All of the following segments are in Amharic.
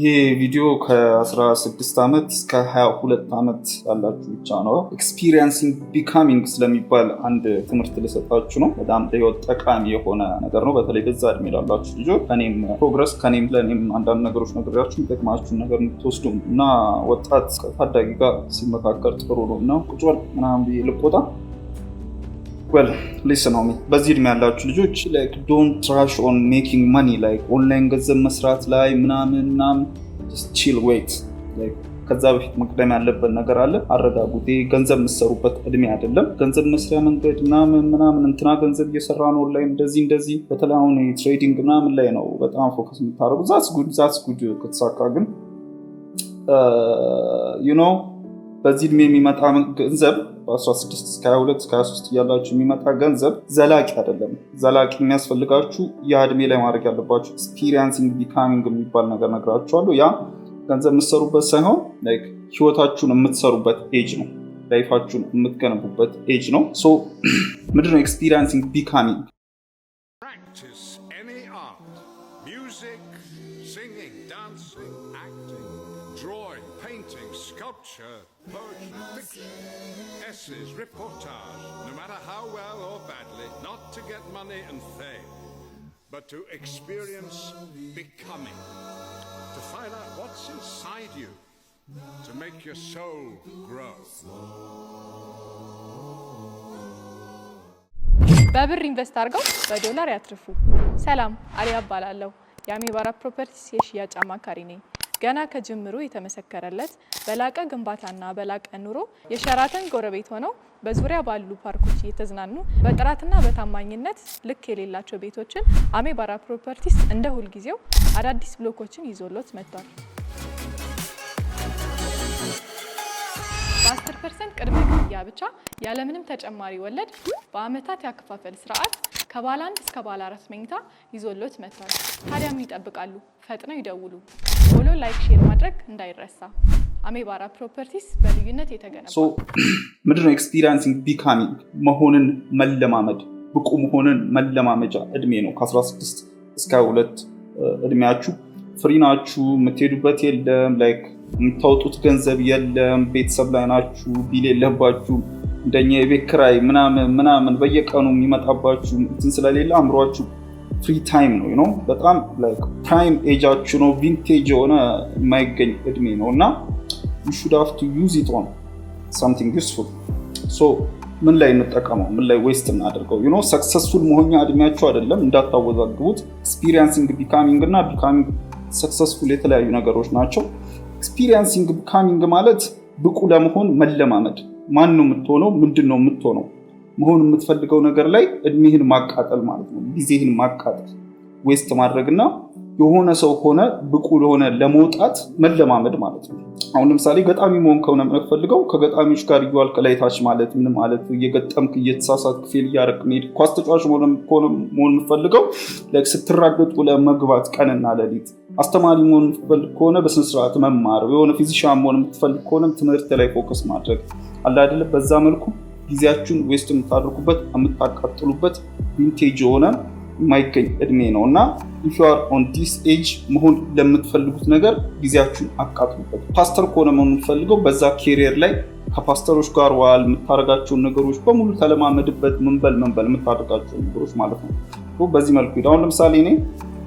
ይሄ ቪዲዮ ከ16 ዓመት እስከ 22 ዓመት ያላችሁ ብቻ ነው። ኤክስፒሪየንሲንግ ቢካሚንግ ስለሚባል አንድ ትምህርት ልሰጣችሁ ነው። በጣም ለህይወት ጠቃሚ የሆነ ነገር ነው። በተለይ በዛ እድሜ ላላችሁ ልጆች ከኔም ፕሮግረስ ከኔም ለእኔም አንዳንድ ነገሮች ነገሪያችሁ የሚጠቅማችሁን ነገር እንድትወስዱ እና ወጣት ከታዳጊ ጋር ሲመካከል ጥሩ ነው እና ቁጭ በል ምናምን ብዬ ልቆጣ ዌል ሊስን ሆሚ በዚህ እድሜ ያላችሁ ልጆች ላይክ ዶንት ትራሽ ኦን ሜኪንግ መኒ ላይክ ኦንላይን ገንዘብ መስራት ላይ ምናምን ምናምን ቺል ዌይት ከዛ በፊት መቅደም ያለበት ነገር አለ። አረጋጉት። ገንዘብ የምትሰሩበት እድሜ አይደለም። ገንዘብ መስሪያ መንገድ ምናምን ምናምን እንትና ገንዘብ እየሰራ ነው ላይ እንደዚህ እንደዚህ፣ በተለይ አሁን ትሬዲንግ ምናምን ላይ ነው በጣም ፎከስ የምታደርጉ። ዛስ ጉድ ዛስ ጉድ። ከተሳካ ግን ዩ uh, ኖው በዚህ እድሜ የሚመጣ ገንዘብ በ16 እስከ 22 እስከ 23 እያላችሁ የሚመጣ ገንዘብ ዘላቂ አይደለም። ዘላቂ የሚያስፈልጋችሁ ያ እድሜ ላይ ማድረግ ያለባችሁ ኤክስፒሪየንሲንግ ቢካሚንግ የሚባል ነገር ነግራችኋለሁ። ያ ገንዘብ የምትሰሩበት ሳይሆን ህይወታችሁን የምትሰሩበት ኤጅ ነው። ላይፋችሁን የምትገነቡበት ኤጅ ነው። ምንድነው ኤክስፒሪየንሲንግ ቢካሚንግ? drawing, painting, sculpture, poetry, fiction, essays, reportage, no matter how well or badly, not to get money and fame, but to experience becoming, to find out what's inside you, to make your soul grow. በብር ኢንቨስት አድርገው በዶላር ያትርፉ። ሰላም አሊያ እባላለሁ። የአሚባራ ፕሮፐርቲስ የሽያጭ አማካሪ ነኝ። ገና ከጅምሩ የተመሰከረለት በላቀ ግንባታና በላቀ ኑሮ የሸራተን ጎረቤት ሆነው በዙሪያ ባሉ ፓርኮች እየተዝናኑ በጥራትና በታማኝነት ልክ የሌላቸው ቤቶችን አሜባራ ፕሮፐርቲስ እንደ ሁልጊዜው አዳዲስ ብሎኮችን ይዞሎት መጥቷል። ፐርሰንት ቅድመ ክፍያ ብቻ ያለምንም ተጨማሪ ወለድ በአመታት ያከፋፈል ስርዓት ከባለ አንድ እስከ ባለ አራት መኝታ ይዞሎት መጥቷል። ታዲያ ምን ይጠብቃሉ? ፈጥነው ይደውሉ። ፎሎ፣ ላይክ፣ ሼር ማድረግ እንዳይረሳ። አሜባራ ፕሮፐርቲስ በልዩነት የተገነባ ምንድን ነው። ኤክስፒሪንሲንግ ቢካሚንግ መሆንን መለማመድ ብቁ መሆንን መለማመጃ እድሜ ነው። ከ16 እስከ 2 እድሜያችሁ ፍሪ ናችሁ። የምትሄዱበት የለም ላይክ የምታወጡት ገንዘብ የለም። ቤተሰብ ላይ ናችሁ። ቢል የለባችሁ እንደኛ የቤት ክራይ ምናምን ምናምን በየቀኑ የሚመጣባችሁ እንትን ስለሌለ አእምሯችሁ ፍሪ ታይም ነው ነው በጣም ታይም ኤጃችሁ ነው። ቪንቴጅ የሆነ የማይገኝ እድሜ ነው እና ሹድ ሀፍ ቱ ዩዝ ኢት ኦን ሳምቲንግ ዩስፉል ሶ ምን ላይ እንጠቀመው? ምን ላይ ዌስት እናደርገው? ሰክሰስፉል መሆኛ እድሜያቸው አይደለም እንዳታወዛግቡት። ኤክስፒሪየንሲንግ ቢካሚንግ እና ቢካሚንግ ሰክሰስፉል የተለያዩ ነገሮች ናቸው። ኤክስፒሪየንሲንግ ቢካሚንግ ማለት ብቁ ለመሆን መለማመድ። ማን ነው የምትሆነው? ምንድን ነው የምትሆነው? መሆን የምትፈልገው ነገር ላይ እድሜህን ማቃጠል ማለት ነው። ጊዜህን ማቃጠል ዌስት ማድረግና የሆነ ሰው ሆነ ብቁ ለሆነ ለመውጣት መለማመድ ማለት ነው። አሁን ለምሳሌ ገጣሚ መሆን ከሆነ የምፈልገው ከገጣሚዎች ጋር እየዋልክ ላይ ታች ማለት ምን ማለት እየገጠምክ እየተሳሳትክ ፌል እያደረክ መሄድ። ኳስ ተጫዋች መሆን የምፈልገው ስትራገጡ ለመግባት ቀንና ሌሊት። አስተማሪ መሆን የምትፈልግ ከሆነ በስነስርዓት መማር። የሆነ ፊዚሻን መሆን የምትፈልግ ከሆነ ትምህርት ላይ ፎከስ ማድረግ አለ አይደለም። በዛ መልኩ ጊዜያችሁን ዌስት የምታደርጉበት የምታቃጥሉበት ቪንቴጅ የሆነ የማይገኝ እድሜ ነው እና ኢፍ ኦን ዲስ ኤጅ መሆን ለምትፈልጉት ነገር ጊዜያችሁን አቃጥሉበት። ፓስተር ከሆነ መሆን የምትፈልገው በዛ ኬሪየር ላይ ከፓስተሮች ጋር ዋል የምታደርጋቸውን ነገሮች በሙሉ ተለማመድበት። ምንበል መንበል የምታደርጋቸው ነገሮች ማለት ነው። በዚህ መልኩ ሄድ። አሁን ለምሳሌ እኔ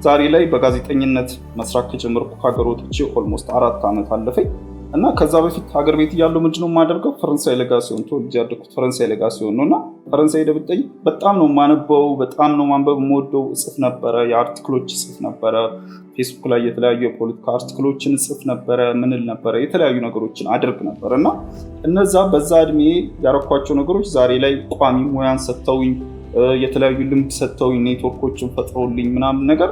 ዛሬ ላይ በጋዜጠኝነት መስራት ከጀመርኩ ከሀገር ወጥቼ ኦልሞስት አራት ዓመት አለፈኝ። እና ከዛ በፊት ሀገር ቤት እያለው ምንድን ነው የማደርገው? ፈረንሳይ ሲሆን ተወልጄ ያደኩት ፈረንሳይ ለጋሲዮን ነው። እና ፈረንሳይ ደብጠኝ በጣም ነው ማነበው፣ በጣም ነው ማንበብ የምወደው። እጽፍ ነበረ፣ የአርቲክሎች እጽፍ ነበረ፣ ፌስቡክ ላይ የተለያዩ የፖለቲካ አርቲክሎችን እጽፍ ነበረ፣ ምንል ነበረ፣ የተለያዩ ነገሮችን አድርግ ነበረ። እና እነዛ በዛ እድሜ ያረኳቸው ነገሮች ዛሬ ላይ ቋሚ ሙያን ሰጥተውኝ የተለያዩ ልምድ ሰጥተውኝ ኔትወርኮችን ፈጥረውልኝ ምናምን ነገር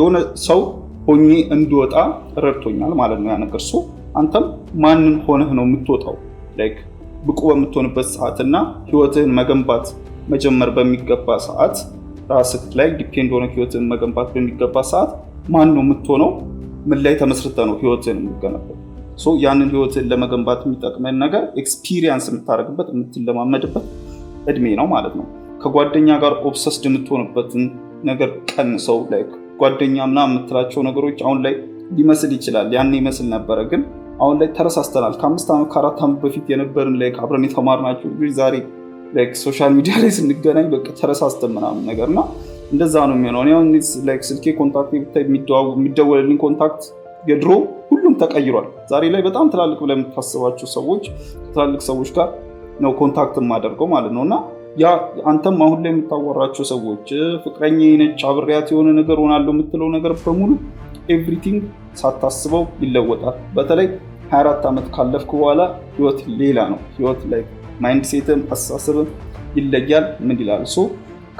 የሆነ ሰው ሆኜ እንድወጣ ረድቶኛል ማለት ነው። ያ ነገር እሱ አንተም ማንን ሆነህ ነው የምትወጣው ላይክ ብቁ በምትሆንበት ሰዓትና ህይወትህን መገንባት መጀመር በሚገባ ሰዓት ራስህ ላይ ዲፔንድ ሆነ ህይወትህን መገንባት በሚገባ ሰዓት ማን ነው የምትሆነው? ምን ላይ ተመስርተ ነው ህይወትህን የምትገነባው? ያንን ህይወትህን ለመገንባት የሚጠቅመን ነገር ኤክስፒሪየንስ የምታደርግበት የምትለማመድበት እድሜ ነው ማለት ነው። ከጓደኛ ጋር ኦብሰስድ የምትሆንበትን ነገር ቀንሰው ላይክ ጓደኛ ምናምን የምትላቸው ነገሮች አሁን ላይ ሊመስል ይችላል። ያን ይመስል ነበረ፣ ግን አሁን ላይ ተረሳስተናል። ከአምስት ዓመት ከአራት ዓመት በፊት የነበርን ላይ አብረን የተማርናቸው ልጆች ዛሬ ሶሻል ሚዲያ ላይ ስንገናኝ በቃ ተረሳስተን ምናምን ነገር እና እንደዛ ነው የሚሆነው። ሁን ስልኬ ኮንታክት ብታይ የሚደወልልኝ ኮንታክት የድሮ ሁሉም ተቀይሯል። ዛሬ ላይ በጣም ትላልቅ ብለህ የምታስባቸው ሰዎች ትላልቅ ሰዎች ጋር ነው ኮንታክት የማደርገው ማለት ነው እና ያ አንተም አሁን ላይ የምታወራቸው ሰዎች ፍቅረኛ ነች አብሬያት የሆነ ነገር ሆናለሁ የምትለው ነገር በሙሉ ኤቭሪቲንግ ሳታስበው ይለወጣል። በተለይ 24 ዓመት ካለፍክ በኋላ ህይወት ሌላ ነው። ህይወት ላይ ማይንድ ሴትም አስተሳሰብም ይለያል። ምን ይላል ሶ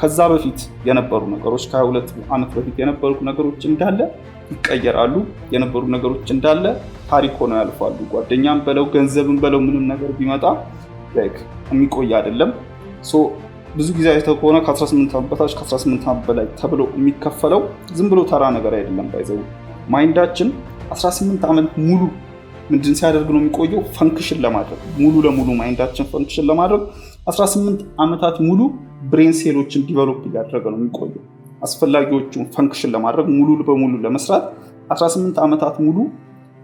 ከዛ በፊት የነበሩ ነገሮች ከ22 ዓመት በፊት የነበሩ ነገሮች እንዳለ ይቀየራሉ። የነበሩ ነገሮች እንዳለ ታሪክ ሆነው ያልፋሉ። ጓደኛም በለው ገንዘብም በለው ምንም ነገር ቢመጣ የሚቆይ አይደለም። ብዙ ጊዜ አይተህ ከሆነ ከ18 በታች ከ18 በላይ ተብሎ የሚከፈለው ዝም ብሎ ተራ ነገር አይደለም። ባይዘው ማይንዳችን 18 ዓመት ሙሉ ምንድን ሲያደርግ ነው የሚቆየው? ፈንክሽን ለማድረግ ሙሉ ለሙሉ ማይንዳችን ፈንክሽን ለማድረግ 18 ዓመታት ሙሉ ብሬን ሴሎችን ዲቨሎፕ እያደረገ ነው የሚቆየው። አስፈላጊዎቹን ፈንክሽን ለማድረግ ሙሉ በሙሉ ለመስራት 18 ዓመታት ሙሉ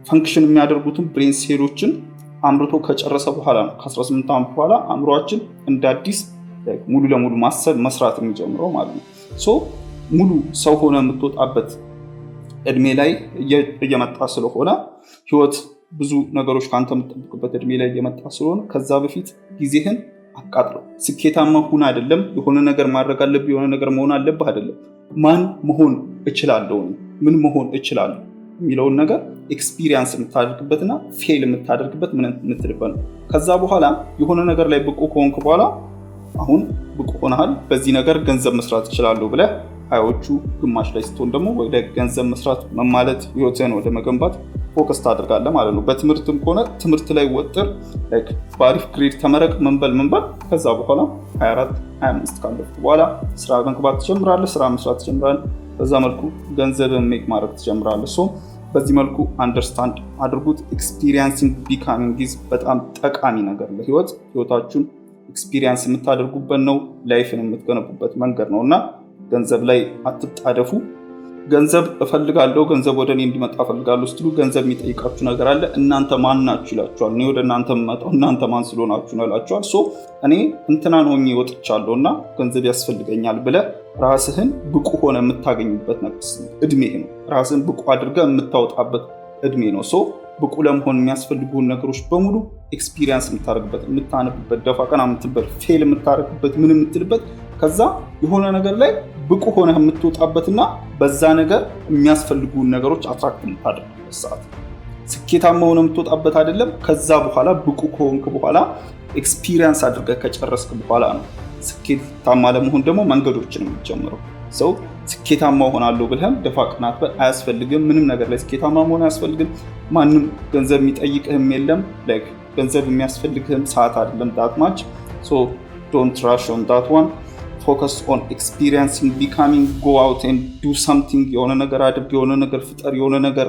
ፈንክሽን የሚያደርጉትን ብሬን ሴሎችን አምርቶ ከጨረሰ በኋላ ነው ከ18 ዓመት በኋላ አእምሯችን እንደ አዲስ ሙሉ ለሙሉ ማሰብ መስራት የሚጀምረው ማለት ነው። ሶ ሙሉ ሰው ሆነ የምትወጣበት እድሜ ላይ እየመጣ ስለሆነ ህይወት ብዙ ነገሮች ከአንተ የምጠብቅበት እድሜ ላይ እየመጣ ስለሆነ ከዛ በፊት ጊዜህን አቃጥለው ስኬታማ ሁን አይደለም የሆነ ነገር ማድረግ አለብህ የሆነ ነገር መሆን አለብህ አይደለም ማን መሆን እችላለሁ ምን መሆን እችላለሁ የሚለውን ነገር ኤክስፒሪየንስ የምታደርግበትና ፌል የምታደርግበት ምን የምትልበት ነው። ከዛ በኋላ የሆነ ነገር ላይ ብቁ ከሆንክ በኋላ አሁን ብቁ ሆነሃል፣ በዚህ ነገር ገንዘብ መስራት ይችላሉ ብለ ሀያዎቹ ግማሽ ላይ ስትሆን ደግሞ ወደ ገንዘብ መስራት መማለት ህይወትህን ወደ መገንባት ፎከስ ታደርጋለ ማለት ነው። በትምህርትም ከሆነ ትምህርት ላይ ወጥር በአሪፍ ግሬድ ተመረቅ መንበል መንበል። ከዛ በኋላ 24 25 ካለፍክ በኋላ ስራ መግባት ትጀምራለ ስራ መስራት ትጀምራለህ። በዛ መልኩ ገንዘብን ሜክ ማድረግ ትጀምራለ ሶ በዚህ መልኩ አንደርስታንድ አድርጉት። ኤክስፒሪንሲንግ ቢካሚንግ በጣም ጠቃሚ ነገር ለህይወት ህይወታችሁን ኤክስፒሪንስ የምታደርጉበት ነው። ላይፍን የምትገነቡበት መንገድ ነው እና ገንዘብ ላይ አትጣደፉ። ገንዘብ እፈልጋለሁ፣ ገንዘብ ወደ እኔ እንዲመጣ እፈልጋለሁ ስትሉ ገንዘብ የሚጠይቃችሁ ነገር አለ። እናንተ ማን ናችሁ ይላችኋል። እኔ ወደ እናንተ የምመጣው እናንተ ማን ስለሆናችሁ ነው ይላችኋል። ሶ እኔ እንትናን ሆኜ ወጥቻለሁ እና ገንዘብ ያስፈልገኛል ብለህ ራስህን ብቁ ሆነ የምታገኝበት ነገር እድሜ ነው። ራስህን ብቁ አድርገህ የምታወጣበት እድሜ ነው። ሶ ብቁ ለመሆን የሚያስፈልጉን ነገሮች በሙሉ ኤክስፒሪየንስ የምታደርግበት፣ የምታነብበት፣ ደፋ ቀና ፌል የምታደርግበት፣ ምን የምትልበት ከዛ የሆነ ነገር ላይ ብቁ ሆነ የምትወጣበትና በዛ ነገር የሚያስፈልጉ ነገሮች አትራክት የምታደርግበት ሰዓት ስኬታማ ሆነ የምትወጣበት አይደለም። ከዛ በኋላ ብቁ ከሆንክ በኋላ ኤክስፒሪየንስ አድርገህ ከጨረስክ በኋላ ነው ስኬታማ ለመሆን ደግሞ መንገዶችን የሚጀምረው። ሰው ስኬታማ ሆናለሁ ብልህም ደፋ ቅናት አያስፈልግም። ምንም ነገር ላይ ስኬታማ መሆን አያስፈልግም። ማንም ገንዘብ የሚጠይቅህም የለም። ገንዘብ የሚያስፈልግህም ሰዓት አይደለም። ዳትማች ዶንት ራሽ ዳት ዋን ፎከስ ኦን ኤክስፒሪየንስ ቢካሚንግ ጎ አውት ዱ ሰምቲንግ የሆነ ነገር አድርግ፣ የሆነ ነገር ፍጠር፣ የሆነ ነገር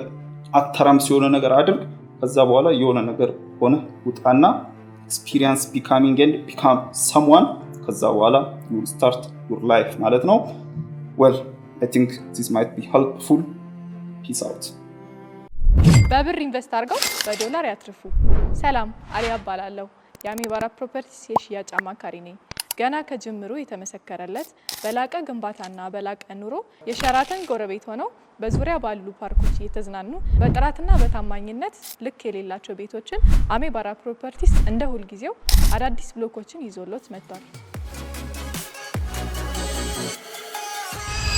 አተራምስ፣ የሆነ ነገር አድርግ። ከዛ በኋላ የሆነ ነገር ሆነ ውጣና ኤክስፒሪየንስ ቢካሚንግ ኤንድ ቢካም ሰምዋን። ከዛ በኋላ ዩ ስታርት ዩር ላይፍ ማለት ነው። ወል አይ ቲንክ ዚስ ማይት ቢ ሄልፕፉል። ፒስ አውት። በብር ኢንቨስት አድርገው በዶላር ያትርፉ። ሰላም አሊያ እባላለሁ። የአሜባራ ፕሮፐርቲስ የሽያጭ አማካሪ ነኝ። ገና ከጅምሩ የተመሰከረለት በላቀ ግንባታና በላቀ ኑሮ የሸራተን ጎረቤት ሆነው በዙሪያ ባሉ ፓርኮች እየተዝናኑ በጥራትና በታማኝነት ልክ የሌላቸው ቤቶችን አሜባራ ፕሮፐርቲስ እንደ ሁልጊዜው አዳዲስ ብሎኮችን ይዞሎት መጥቷል።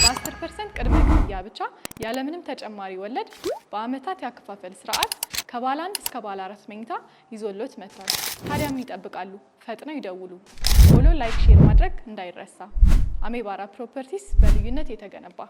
በአስር ፐርሰንት ቅድመ ክፍያ ብቻ ያለምንም ተጨማሪ ወለድ በአመታት ያከፋፈል ስርዓት ከባለ አንድ እስከ ባለ አራት መኝታ ይዞሎት መጥቷል። ታዲያ ምን ይጠብቃሉ? ፈጥነው ይደውሉ። ፎሎ፣ ላይክ፣ ሼር ማድረግ እንዳይረሳ። አሜባራ ፕሮፐርቲስ በልዩነት የተገነባ